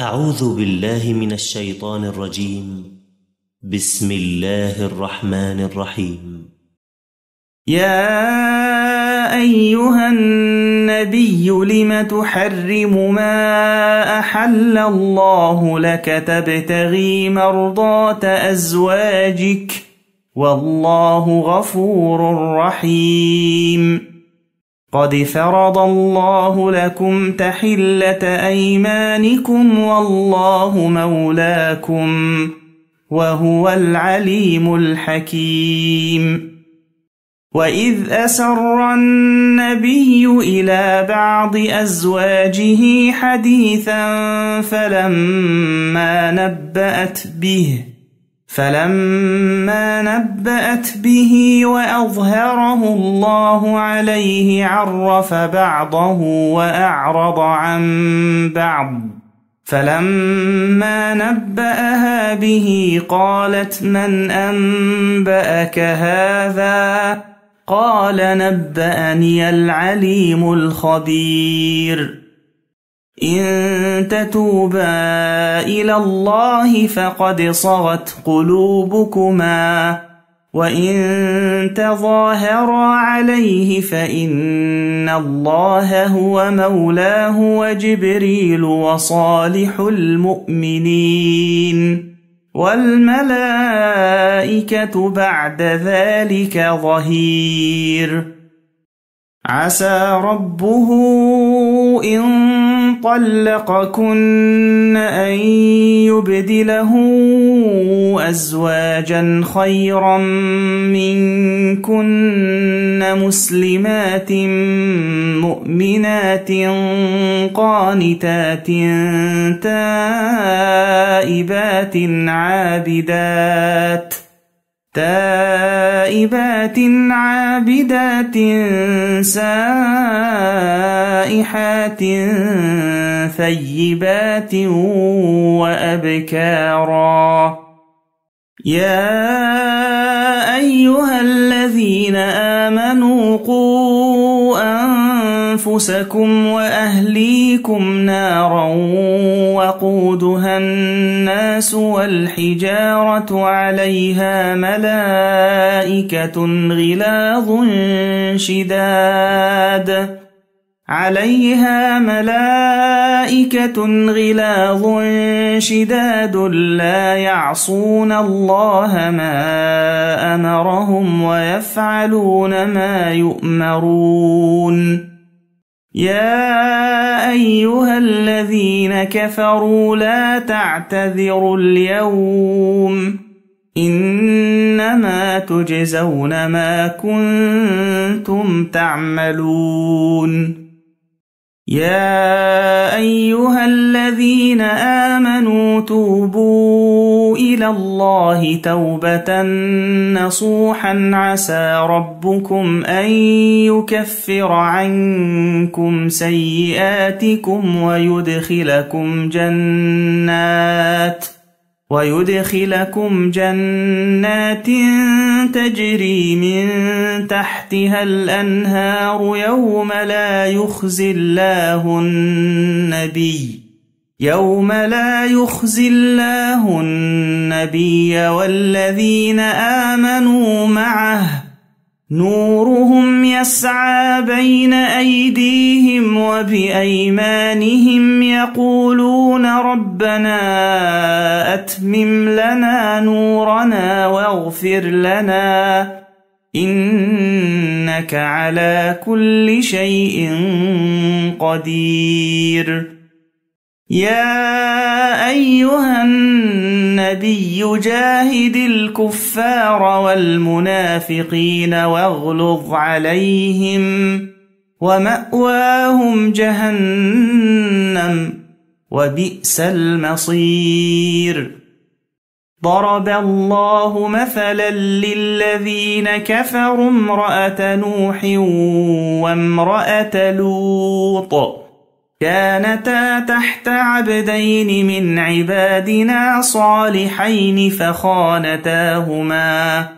أعوذ بالله من الشيطان الرجيم بسم الله الرحمن الرحيم يا أيها النبي لم تحرم ما أحل الله لك تبتغي مرضات أزواجك والله غفور رحيم قد فرض الله لكم تحلة أيمانكم والله مولاكم وهو العليم الحكيم وإذ أسر النبي إلى بعض أزواجه حديثا فلما نبأت به فلما نبأت به وأظهره الله عليه عرف بعضه وأعرض عن بعض فلما نبأها به قالت من أنبأك هذا قال نبأني العليم الخبير إن تتوبا إلى الله فقد صغت قلوبكما وإن تظاهرا عليه فإن الله هو مولاه وجبريل وصالح المؤمنين والملائكة بعد ذلك ظهير عسى ربه إن طلقكن أن يبدله أزواجا خيرا منكن مسلمات مؤمنات قانتات تائبات عابدات تائبات عابدات سائحات ثيبات وأبكارا يا أيها الذين آمنوا قوا أن أنفسكم وأهليكم نارا وقودها الناس والحجارة عليها ملائكة غلاظ شداد عليها ملائكة غلاظ شداد لا يعصون الله ما أمرهم ويفعلون ما يؤمرون يا أيها الذين كفروا لا تعتذروا اليوم إنما تجزون ما كنتم تعملون يا أيها الذين آمنوا توبوا إلى الله توبة نصوحا عسى ربكم أن يكفر عنكم سيئاتكم ويدخلكم جنات ۖ ويدخلكم جنات تجري من تحتها الأنهار يوم لا يخزي الله النبي يوم لا يخزي الله النبي والذين آمنوا معه نورهم يسعى بين أيديهم وبأيمانهم يقولون ربنا أتمم لنا نورنا واغفر لنا إنك على كل شيء قدير يا أيها النبي جاهد الكفار والمنافقين واغلظ عليهم ومأواهم جهنم وبئس المصير ضرب الله مثلا للذين كفروا امرأة نوح وامرأة لوط كانتا تحت عبدين من عبادنا صالحين فخانتاهما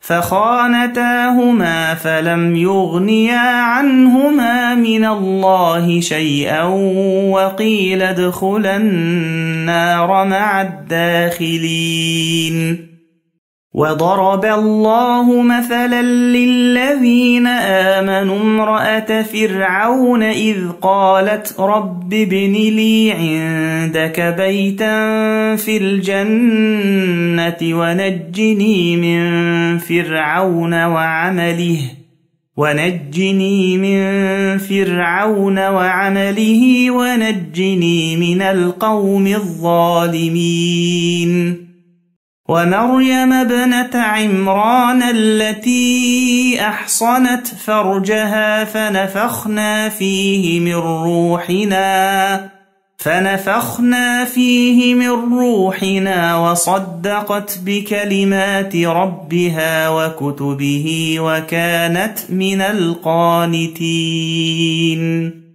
فخانتاهما فلم يغنيا عنهما من الله شيئا وقيل ادخلا النار مع الداخلين وضرب الله مثلا للذين آمنوا امرأة فرعون إذ قالت رب ابن لي عندك بيتا في الجنة ونجني من فرعون وعمله ونجني من فرعون وعمله ونجني من القوم الظالمين ومريم ابنة عمران التي أحصنت فرجها فنفخنا فيه من روحنا فنفخنا فيه من روحنا وصدقت بكلمات ربها وكتبه وكانت من القانتين